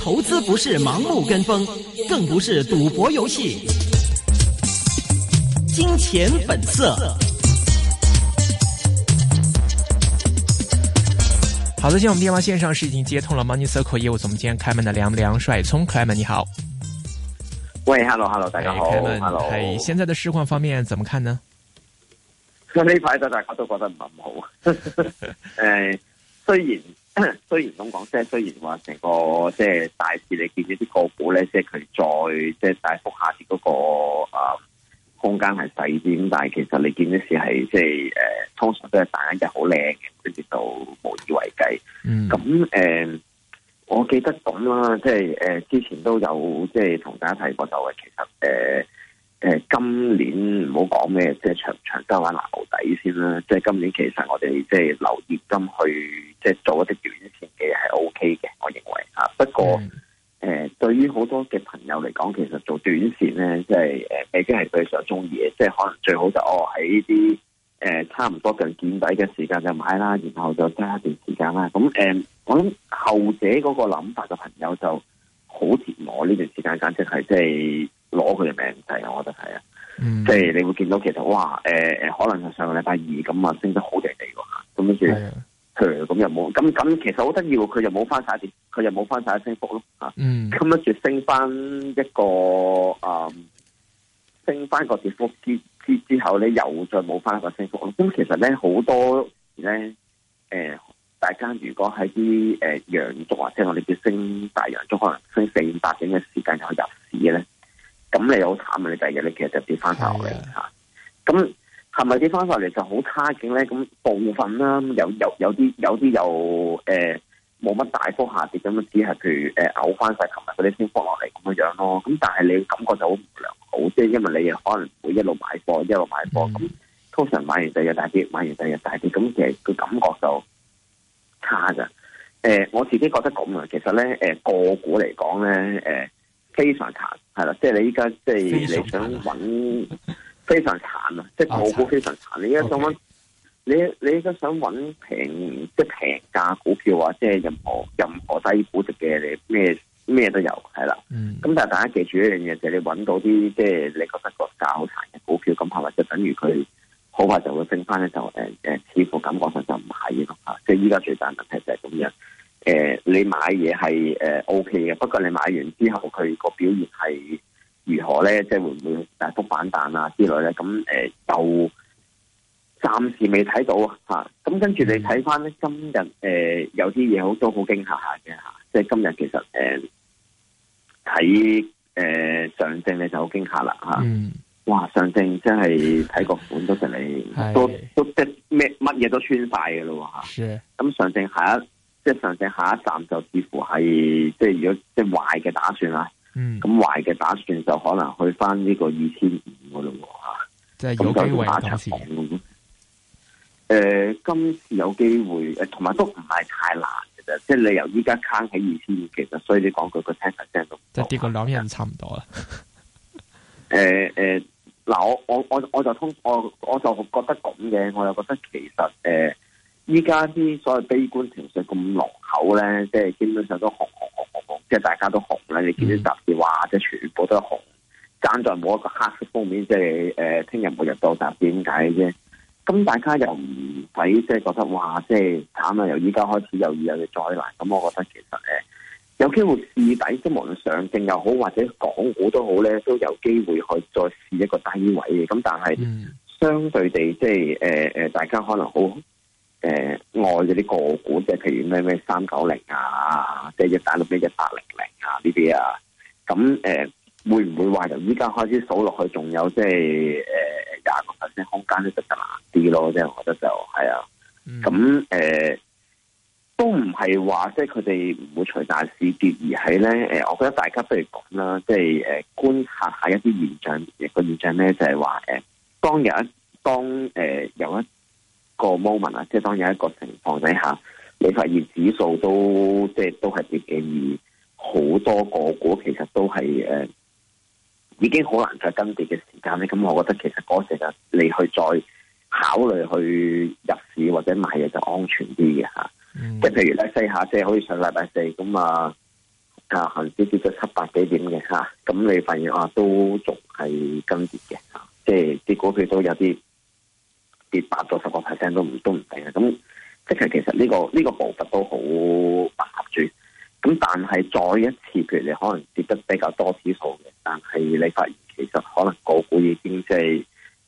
投資不是盲目跟風，更不是賭博遊戲。金錢本色。好的，現在我們電話線上是已經接通了 Money Circle 業務總監 Clement 的梁梁帥聰，Clement 你好。喂，Hello Hello 大家好，Hello 嘿，現在的市況方面怎麼看呢？雖然雖然咁講，即係雖然話成個即係大市，你見呢啲個股咧，即係佢再即係大幅下跌嗰、那個啊、嗯、空間係細啲，咁但係其實你見啲事係即係誒，通常都係第一日好靚嘅，跟住就無以為繼。咁誒、嗯呃，我記得講啦，即係誒之前都有即係同大家提過就係，其實誒。呃誒、呃，今年唔好講咩，即係長長洲玩留底先啦。即係今年其實我哋即係留現金去，即係做一啲短線嘅嘢係 O K 嘅，我認為啊。不過誒、mm. 呃，對於好多嘅朋友嚟講，其實做短線咧，即係誒，已經係最想中意嘅。即係可能最好就我喺呢啲誒，差唔多近見底嘅時間就買啦，然後就揸一段時間啦。咁誒、呃，我諗後者嗰個諗法嘅朋友就好貼我呢段時間，簡直係即係。即攞佢嘅命，我覺得係啊，即係你會見到其實哇，誒誒，可能係上個禮拜二咁啊，升得好地地喎，咁跟住，佢咁又冇，咁咁其實好得意喎，佢又冇翻晒跌，佢又冇翻曬升幅咯，啊，咁跟住升翻一個啊，升翻個跌幅之之之後咧，又再冇翻一個升幅咯，咁其實咧好多時咧，誒，大家如果喺啲誒陽燭啊，即係我哋叫升大陽燭，可能升四五百點。日你其實就跌翻晒落嚟吓，咁係咪跌翻晒嚟就好差勁咧？咁部分啦，有有有啲有啲又誒冇乜大幅下跌咁樣 U U U，只係譬如誒嘔翻晒，琴日嗰啲升幅落嚟咁嘅樣咯。咁但係你感覺就好唔良好，即係因為你可能會一路買貨一路買貨，咁 Yes. 通常買完第二日大跌，買完第二日大跌，咁其實個感覺就差嘅。誒，我自己覺得咁啊，其實咧誒，個股嚟講咧誒。呃非常慘，係啦，即係你依家即係你想揾非常慘啊！即係個股非常慘。你依家想揾 Okay.，你你依家想揾平，即係平價股票啊！即係任何任何低估值嘅你咩咩都有，係啦。咁、嗯、但係大家記住一樣嘢，就係、是、你揾到啲即係你覺得個價好慘嘅股票，咁係咪就等於佢好快就會升翻咧？就誒誒、呃，似乎感覺上就唔係嘅啦。即係依家最大問題就係咁樣。誒、呃，你買嘢係誒 OK 嘅，不過你買完之後佢個表現係如何咧？即係會唔會大幅反彈啊之類咧？咁誒、呃、就暫時未睇到吓。咁、啊、跟住你睇翻咧，今日誒有啲嘢，好都好驚嚇吓嘅吓。即係今日其實誒睇誒上證咧就好驚嚇啦吓。啊嗯、哇！上證真係睇個款都，多謝你都都即咩乜嘢都穿快嘅咯吓。咁、啊、的上證下一。即係甚至下一站就似乎係，即係如果即係壞嘅打算啦。咁壞嘅打算就可能去翻呢個二千五嘅咯。吓，即係有機會今次，誒、呃，今次有機會，誒，同埋都唔係太難嘅啫。即係你由依家慳起二千五，其實所以你講句，那個聽法聲都即係跌個兩日差唔多啦。誒 誒、呃，嗱、呃，我我我我就通，我我就覺得咁嘅，我又覺得其實誒。呃依家啲所謂悲觀情緒咁濃厚咧，即係基本上都紅紅紅紅，即係大家都紅啦。Mm. 你見到雜誌話，即係全部都紅，站在冇一個黑色封面，即係誒聽日每日到達點解嘅啫。咁大家又唔使即係覺得話即係慘啊！由依家開始又要有災難。咁我覺得其實誒有機會試底，都係無論上證又好或者港股都好咧，都有機會去再試一個低位嘅。咁但係相對地，即係誒誒，大家可能好。誒，外嗰啲個股，即係譬如咩咩三九零啊，即係一打到俾一八零零啊呢啲啊，咁誒、啊呃，會唔會話由依家開始數落去，仲有即係誒廿個 percent 空間咧，就難啲咯？即係我覺得就係、是、啊，咁誒、呃，都唔係話即係佢哋唔會隨大市跌，而係咧誒，我覺得大家不如講啦，即係誒，觀察一下一啲現象，一個現象咧就係話誒，當有一當誒有一。個 moment 啊，即係當有一個情況底下，你發現指數都即係都係跌緊，而好多個股其實都係誒、呃，已經好難再跟跌嘅時間咧。咁我覺得其實嗰時啊，你去再考慮去入市或者買嘢就安全啲嘅吓。即係、mm. 譬如咧，西下即係好似上禮拜四咁啊，啊行、嗯、少跌到七百幾點嘅吓，咁你發現啊都仲係跟跌嘅吓，即係結果佢都有啲。八到十個 percent 都唔都唔定嘅，咁即係其實呢、這個呢、這個步伐都好合住。咁但係再一次，譬如你可能跌得比較多啲數嘅，但係你發現其實可能個股已經即係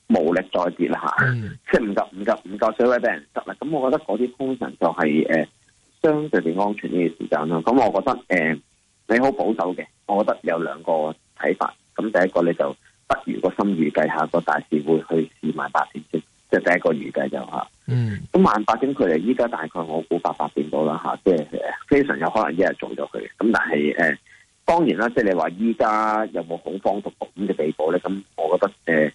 無力再跌啦，吓、嗯，即係唔夠唔夠唔夠水位俾人執啦。咁我覺得嗰啲通常就係、是、誒、呃、相對地安全呢嘅時間啦。咁我覺得誒、呃、你好保守嘅，我覺得有兩個睇法。咁第一個你就不如個心預計下個大市會去試賣八天先。即係第一個預計就嚇，咁萬八點佢哋依家大概我估八百點到啦嚇，即係、啊、非常有可能一日做咗佢。咁但係誒、呃，當然啦，即係你話依家有冇恐慌到咁嘅地步咧？咁我覺得誒、呃、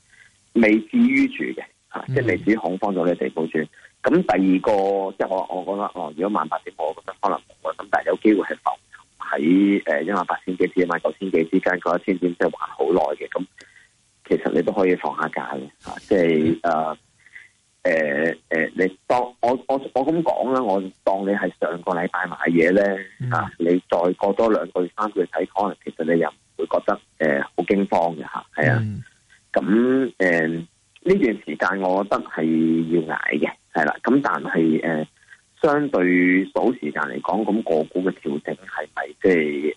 未至於住嘅嚇、啊，即係未至於恐慌咗呢地步轉。咁、嗯、第二個即係我我覺得哦，如果萬八點，我覺得可能冇啦。咁但係有機會係浮喺誒一萬八千幾至一萬九千幾之間嗰一千點，即係還好耐嘅。咁、啊、其實你都可以放下假嘅嚇，即係誒。嗯誒誒、呃，你當我我我咁講啦，我當你係上個禮拜買嘢咧，mm. 啊，你再過多兩個、三個月翻去睇，可能其實你又唔會覺得誒好驚慌嘅吓，係啊。咁誒呢段時間我覺得係要挨嘅，係啦、啊。咁但係誒、呃、相對短時間嚟講，咁、那個股嘅調整係咪即係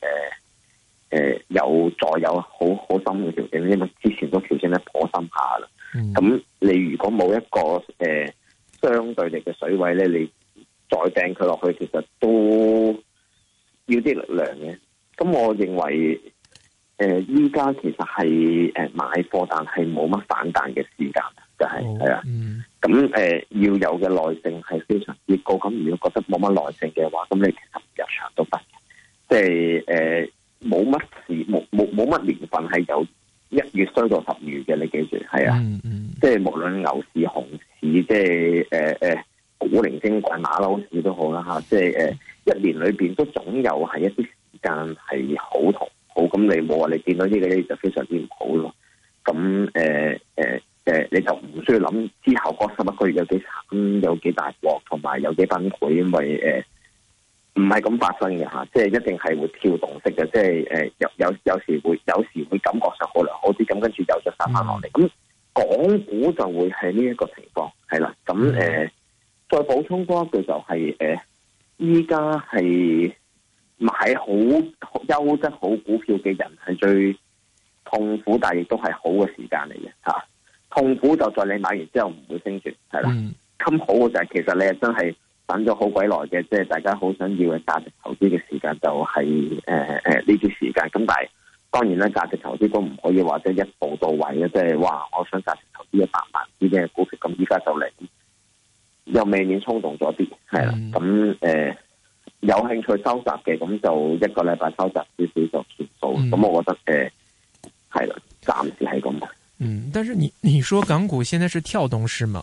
誒誒有再有好好深嘅調整？因為之前都調整得頗深下啦。.咁、mm hmm. 你如果冇一個誒、呃、相對嚟嘅水位咧，你再掟佢落去，其實都要啲力量嘅。咁我認為誒，依、呃、家其實係誒、呃、買貨，但係冇乜反彈嘅時間，就係係啊。咁誒、呃、要有嘅耐性係非常之高。咁如果覺得冇乜耐性嘅話，咁你其實入場都得嘅。即係誒冇乜事，冇冇冇乜年份係有一月衰到十月嘅，你記住係啊，嗯嗯、即係無論牛市、熊市，即係誒誒古靈精怪馬騮市都好啦吓，即係誒、呃、一年裏邊都總有係一啲時間係好同好，咁你冇話你見到呢個咧就非常之唔好咯。咁誒誒誒，你就唔需要諗之後嗰十一個月有幾慘，有幾大鑊，同埋有幾崩潰，因為誒。啊唔係咁發生嘅吓，即係一定係會跳動式嘅，即係誒有有有時會有時會感覺上可能好啲，咁跟住又再翻翻落嚟。咁、mm hmm. 港股就會係呢一個情況係啦。咁誒、呃，再補充多一句就係、是、誒，依家係買好優質好，好股票嘅人係最痛苦，但係亦都係好嘅時間嚟嘅吓。痛苦就在你買完之後唔會升轉，係啦。咁、mm hmm. 好嘅就係、是、其實你係真係。等咗好鬼耐嘅，即係大家好想要嘅價值投資嘅時間就係誒誒呢啲時間，咁但係當然咧價值投資都唔可以話即一步到位嘅，即係話我想價值投資一百萬啲嘅股票，咁依家就嚟又未免衝動咗啲，係啦，咁誒、嗯呃、有興趣收集嘅，咁就一個禮拜收集少少就全部。咁、嗯、我覺得誒係啦，暫、呃、時係咁。嗯，但是你你說港股現在是跳動式嗎？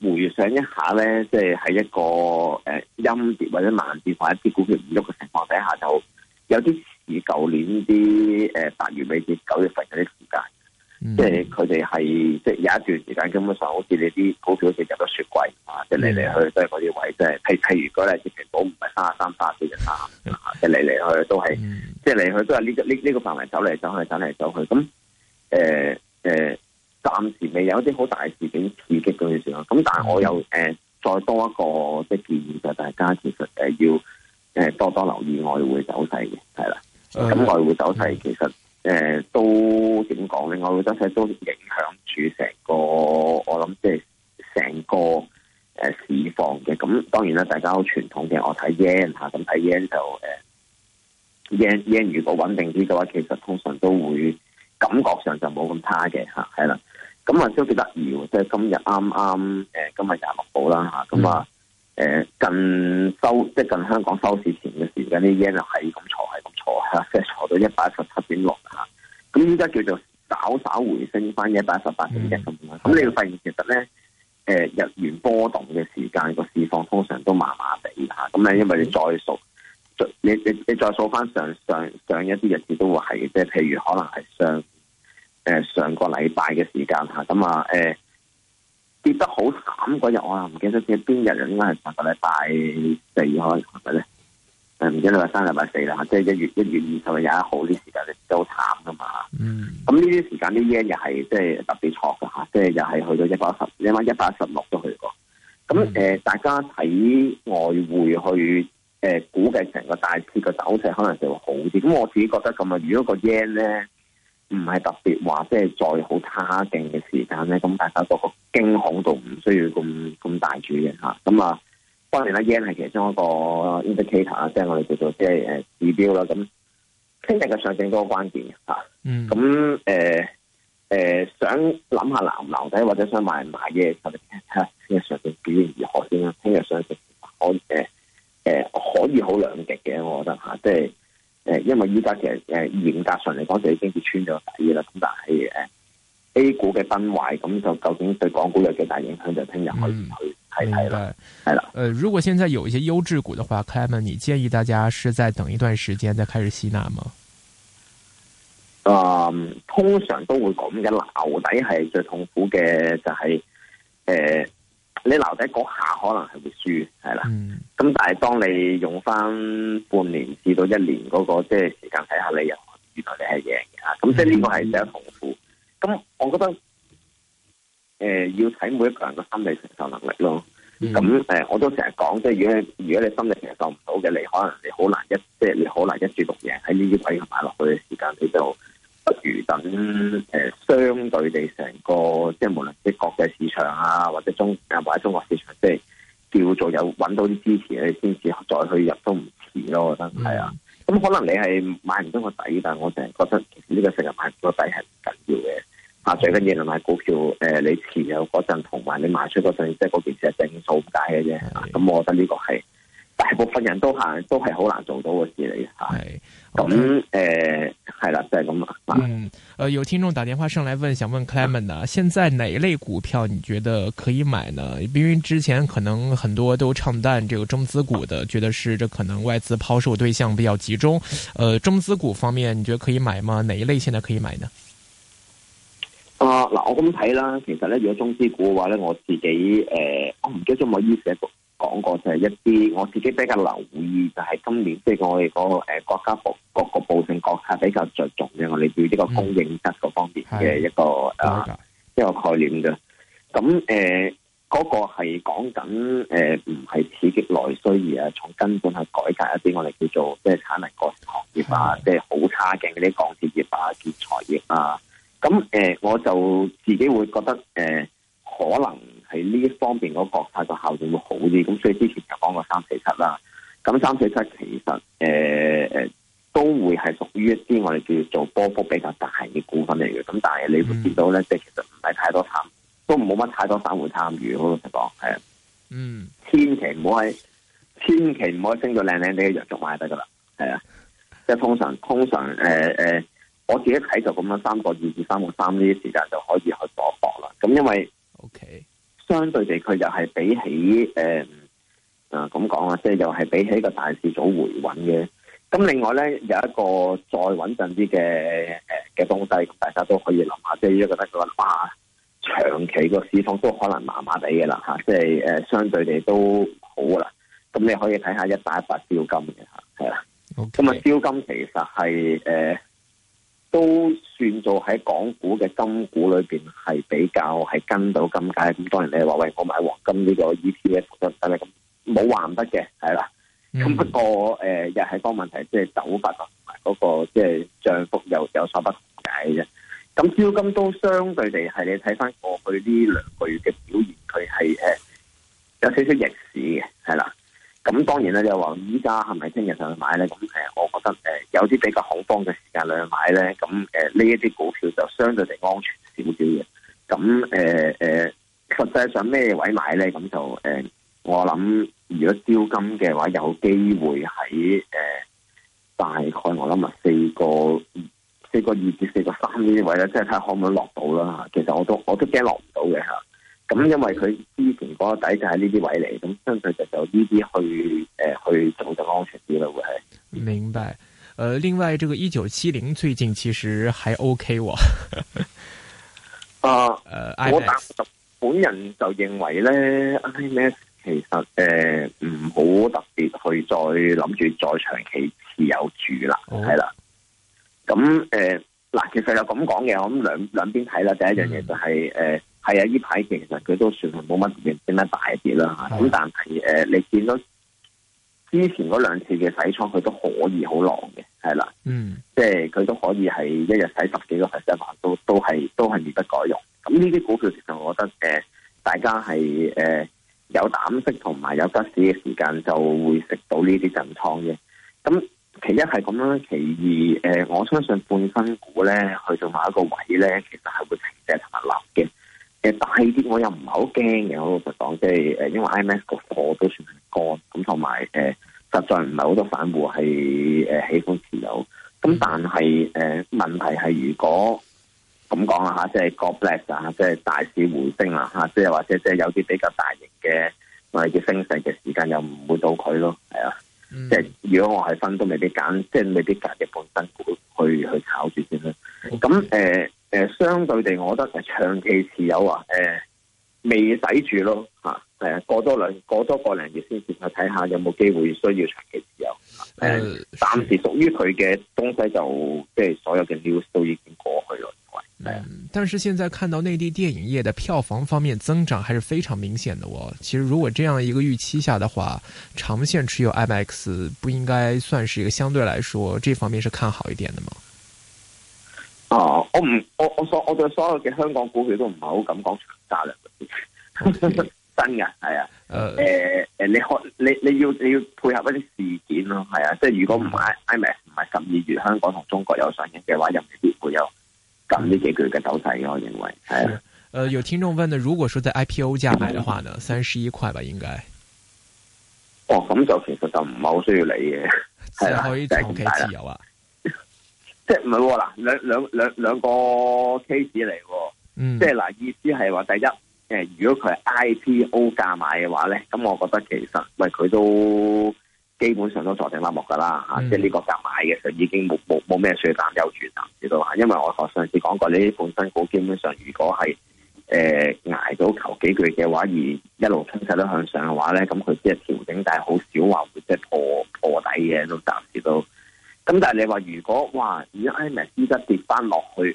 回想一下咧，即係喺一個誒陰跌或者慢跌或者啲股票唔喐嘅情況底下，就有啲似舊年啲誒、呃、八月尾至九月份嗰啲時間，嗯，即係佢哋係即係有一段時間根本上好似你啲股票好似入咗雪櫃啊，即係嚟嚟去都係嗰啲位，即係譬譬如講咧，直情平保唔係三十三八四就三，即係嚟嚟去去都係，即係嚟去都係呢、嗯，這個呢呢、這個範圍走嚟走，走，走去走嚟走去咁，誒誒。呃呃暫時未有一啲好大事件刺激咁樣算啦。咁但係我又誒、嗯呃、再多一個即係建議就係、是、大家其實誒要誒多多留意外匯走勢嘅，係啦。咁、嗯、外匯走勢其實誒、呃、都點講咧？外匯走勢都影響住成個我諗即係成個誒、呃、市況嘅。咁當然啦，大家好傳統嘅，我睇 yen 嚇、啊，咁睇 yen 就誒、呃、yen 如果穩定啲嘅話，其實通常都會感覺上就冇咁差嘅嚇，係啦。咁啊都幾得意喎！即係今日啱啱誒今日廿六號啦嚇，咁啊誒近收即係近香港收市前嘅時間，啲 yen 係咁挫，係咁挫嚇，即係挫到一百一十七點六嚇。咁依家叫做稍稍回升翻一百一十八點一咁樣。咁、嗯、你會發現其實咧，誒日元波動嘅時間個市況通常都麻麻地嚇。咁咧因為你再數，你你你再數翻上上上一啲日子都會係即係譬如可能係上。誒，上個禮拜嘅時間吓，咁啊，誒、啊、跌得好慘嗰日，我唔記得住邊日啦，應該係上個禮拜四可能係咪咧？誒，唔記得禮拜三禮拜四啦，即係一月一月二十日廿一號啲時間咧都好慘噶嘛。咁呢啲時間啲 yen 又係即係特別挫噶吓，即係又係去到一百一十，起碼一百一十六都去過。咁、啊、誒、呃，大家睇外匯去誒、呃、估計成個大市嘅走勢，可能就會好啲。咁我自己覺得咁啊，如果個 yen 咧。唔係特別話，即係再好差勁嘅時間咧，咁大家各個驚恐度唔需要咁咁大住嘅吓，咁啊，當然咧，yen 係其中一個 indicator 啊，即係我哋叫做即係誒指標啦。咁聽日嘅上證都好關鍵吓，咁誒誒，想諗下留唔留底，或者想買唔買嘅，我哋睇下聽日上證表現如何先啦。聽日上證可誒誒可以好兩極嘅，我覺得吓、啊，即係。誒，因為依家其實誒，嚴格上嚟講就已經係穿咗底嘅啦。咁但係誒，A 股嘅崩壞，咁就究竟對港股有幾大影響？就聽日可以去睇睇啦，係啦、嗯。誒、呃，如果現在有一些優質股嘅話，Clement，你建議大家是在等一段時間再開始吸納嗎？啊、呃，通常都會咁嘅，留底係最痛苦嘅、就是，就係誒。你留低嗰下可能係會輸，係啦。咁、mm hmm. 但係當你用翻半年至到一年嗰個即係時間睇下你又，原來你係贏嘅。咁即係呢個係第一痛苦。咁我覺得，誒、呃、要睇每一個人嘅心理承受能力咯。咁誒、mm hmm. 呃，我都成日講，即係如果如果你心理承受唔到嘅，你可能你好難一即係、就是、你好難一注獨贏喺呢啲位買落去嘅時間你就。不如等誒，相對地，成個即係無論即國際市場啊，或者中誒或者中國市場，即係叫做有揾到啲支持你先至再去入都唔遲咯。我覺得係啊。咁、嗯、可能你係買唔到個底，但係我成日覺得呢個成日買個底係唔緊要嘅。啊，最緊要係買股票誒，你持有嗰陣同埋你賣出嗰陣，即係嗰件事係整數唔解嘅啫。咁我覺得呢個係大部分人都係都係好難做到嘅事嚟嘅。係。咁誒。係啦，就係咁啦。嗯，誒、呃，有聽眾打電話上來問，想問 Clement 啊，現在哪一類股票你覺得可以買呢？因為之前可能很多都唱淡這個中資股的，覺得是這可能外資拋售對象比較集中。誒、呃，中資股方面，你覺得可以買嗎？哪一類現在可以買呢？啊、呃，嗱、呃，我咁睇啦，其實咧，如果中資股嘅話咧，我自己誒、呃，我唔記得咗我依舍講過就係一啲，我自己比較留意就係今年，即係我哋嗰個誒國家部各個部正決策比較着重嘅，我哋對呢個供應側嗰方面嘅一個、嗯、啊一個概念嘅。咁誒，嗰、呃那個係講緊誒，唔、呃、係刺激內需而係從根本去改革一啲我哋叫做即係產能過剩行業啊，的即係好差嘅嗰啲鋼鐵業啊、建材業啊。咁誒、呃呃，我就自己會覺得誒、呃，可能。呢一方面嗰個國泰個效應會好啲，咁所以之前就講過三四七啦。咁三四七其實誒誒、呃呃、都會係屬於一啲我哋叫做波幅比較大嘅股份嚟嘅。咁但係你會見到咧，即係其實唔係太多參，都唔冇乜太多散戶參與嗰個情況。係啊，嗯，千祈唔好喺，千祈唔好升到靚靚啲嘅藥族買得噶啦。係啊，即係通常通常誒誒、呃呃，我自己睇就咁樣三個二至三個三呢啲時間就可以去博一博啦。咁因為相對地，佢就係比起誒、呃，啊咁講啊，即係又係比起一個大市早回穩嘅。咁另外咧，有一個再穩陣啲嘅誒嘅東西，大家都可以諗下。即係如果覺得佢話哇，長期個市況都可能麻麻地嘅啦吓，即係誒、呃、相對地都好啦。咁、啊、你可以睇下一打一打燒金嘅吓，係啦。咁啊燒金其實係誒。呃都算做喺港股嘅金股裏邊係比較，係跟到金價，咁當然你話喂，我買黃金呢個 ETF，但係咁冇話唔得嘅，係啦。咁、嗯、不過誒又、呃、係多問題，即、就、係、是、走法同埋嗰個即係漲幅又有，有所不同嘅。咁招金都相對地係你睇翻過去呢兩個月嘅表現，佢係誒有少少逆市嘅，係啦。咁當然咧，又話依家係咪聽日上去買咧？咁誒，我覺得誒、呃、有啲比較恐慌嘅時間嚟去買咧。咁誒，呢一啲股票就相對地安全少少嘅。咁誒誒，實際上咩位買咧？咁就誒、呃，我諗如果丟金嘅話，有機會喺誒、呃、大概我諗係四個四個二至四個三呢啲位咧，即係睇下可唔可以落到啦。其實我都我都驚落唔到嘅嚇。咁因為佢之前嗰個底就喺呢啲位嚟，咁相對就就呢啲去誒、呃、去做就安全啲咯，會係。明白。誒、呃，另外，呢個一九七零最近其實還 OK 喎。啊、 呃，誒 MA，我答本人就認為咧，IMAX 其實誒唔好特別去再諗住再長期持有住啦，係啦、哦。咁誒嗱，其實就咁講嘅，我諗兩兩邊睇啦。第一樣嘢就係、是、誒。嗯呃係啊，呢排其實佢都算係冇乜唔見乜大一啲啦，咁但係誒、呃，你見到之前嗰兩次嘅洗倉，佢都可以好狼嘅，係啦。嗯，即係佢都可以係一日洗十幾個 percent 都都係都係毫不改容。咁呢啲股票其實我覺得誒、呃，大家係誒、呃、有膽識同埋有得市嘅時間，就會識到呢啲震倉嘅。咁、嗯、其一係咁啦，其二誒、呃，我相信半新股咧去到某一個位咧，其實係會停滯同埋立嘅。誒、呃，大啲我又唔係好驚嘅，我老實講，即係誒，uh, 因為 IMAX 個貨都算係乾，咁同埋誒，實在唔係好多散戶係誒喜歡持有，咁但係誒問題係如果咁講啊吓，即係個 black 啊，即係大市回升啊吓，即係或者即係有啲比較大型嘅，或者升勢嘅時間又唔會到佢咯，係啊，掛戀即係如果我係分都未必揀，即係未必揀嘅本身去去炒住先啦，咁誒。呃掛戀誒、呃，相對地，我覺得係長期持有啊。誒、呃，未抵住咯，吓。誒，過多兩過多個零月先試下睇下有冇機會需要長期持有。誒、啊，呃、暫時屬於佢嘅東西就即係所有嘅 news 都已經過去咯。係啊、嗯。但是現在看到內地電影業嘅票房方面增長還是非常明顯的喎。其實如果這樣一個預期下的話，長線持有 IMAX 不應該算是一個相對來說這方面是看好一點的嗎？哦，我唔，我我所我對所有嘅香港股票都唔係好敢講價值嘅， 真嘅係啊。誒誒、呃呃，你開你你要你要配合一啲事件咯，係啊。即係如果唔係 IMAX 唔係十二月香港同中國有上映嘅話，又未必會有咁呢幾句嘅走勢，我認為係啊。誒、呃，有聽眾問呢，如果說在 IPO 價買嘅話呢，三十一塊吧，應該。哦，咁就其實就唔係好需要理嘅，係 啦、啊，自己自由啊。即係唔係嗱，兩兩兩兩個 case 嚟，嗯，即係嗱，意思係話第一，誒，如果佢係 IPO 價買嘅話咧，咁我覺得其實，喂，佢都基本上都坐定粒六噶啦，吓、啊，嗯、即係呢個價買嘅，就已經冇冇冇咩雪膽扭轉知道嘛？因為我上次講過，呢啲本身股基本上如果係誒捱到求幾句嘅話，而一路升勢都向上嘅話咧，咁佢只係調整，但係好少話會即係破破底嘅都咁但係你話如果哇，而家艾美依家跌翻落去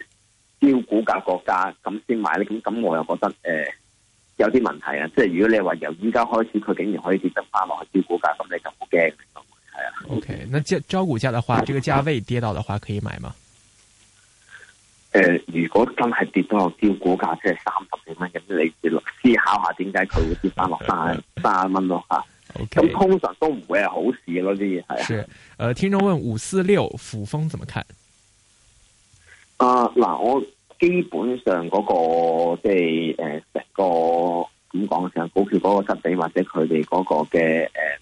招股價嗰家咁先買咧，咁咁我又覺得誒、呃、有啲問題啊！即係如果你話由依家開始佢竟然可以跌得翻落去招股價、啊 okay. 招股價，咁你就好驚係啊？O K，那招招股價嘅話，呢、這個價位跌到嘅話可以買嗎？誒、 呃，如果真係跌到落招股價即係三十幾蚊，咁、就是、你思思考下點解佢會跌翻落卅卅蚊咯吓？ 咁 Okay. 通常都唔會係好事咯，啲嘢係啊。是，誒、呃，聽眾問五四六阜豐怎麼看？啊，嗱，我基本上嗰、那個即係誒成個點講啊，上股票嗰個質地或者佢哋嗰個嘅誒、呃、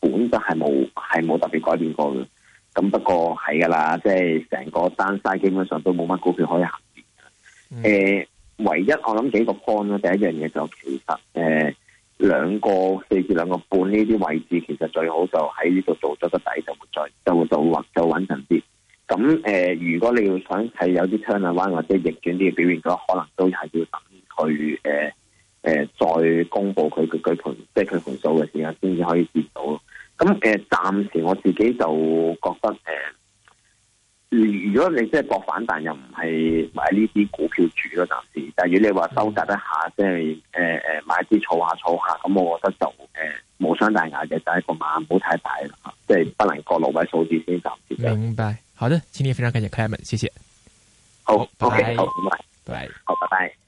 本質係冇係冇特別改變過嘅。咁不過係噶啦，即係成個單篩基本上都冇乜股票可以行誒、嗯呃，唯一我諗幾個 point 咧，第一樣嘢就其實誒。呃兩個四至兩個半呢啲位置，其實最好就喺呢度做咗個底，就會再就會做或就會穩陣啲。咁誒、呃，如果你要想係有啲 turnaround 或者逆轉啲嘅表現嘅話，可能都係要等佢誒誒再公布佢嘅舉盤，即係佢盤數嘅時候先至可以見到。咁誒、呃，暫時我自己就覺得誒。如果你即係博反彈又唔係買呢啲股票住咯，暫時。但係如果你話收集一下，即係誒誒買啲儲下儲下，咁我覺得就誒、呃、無傷大雅嘅，就係個碼唔好太大啦，即係不能過六位數字先暫時。明白，好的，請你非常感謝 Clement，謝謝。好，拜拜，拜拜，好，拜拜。Okay, Bye.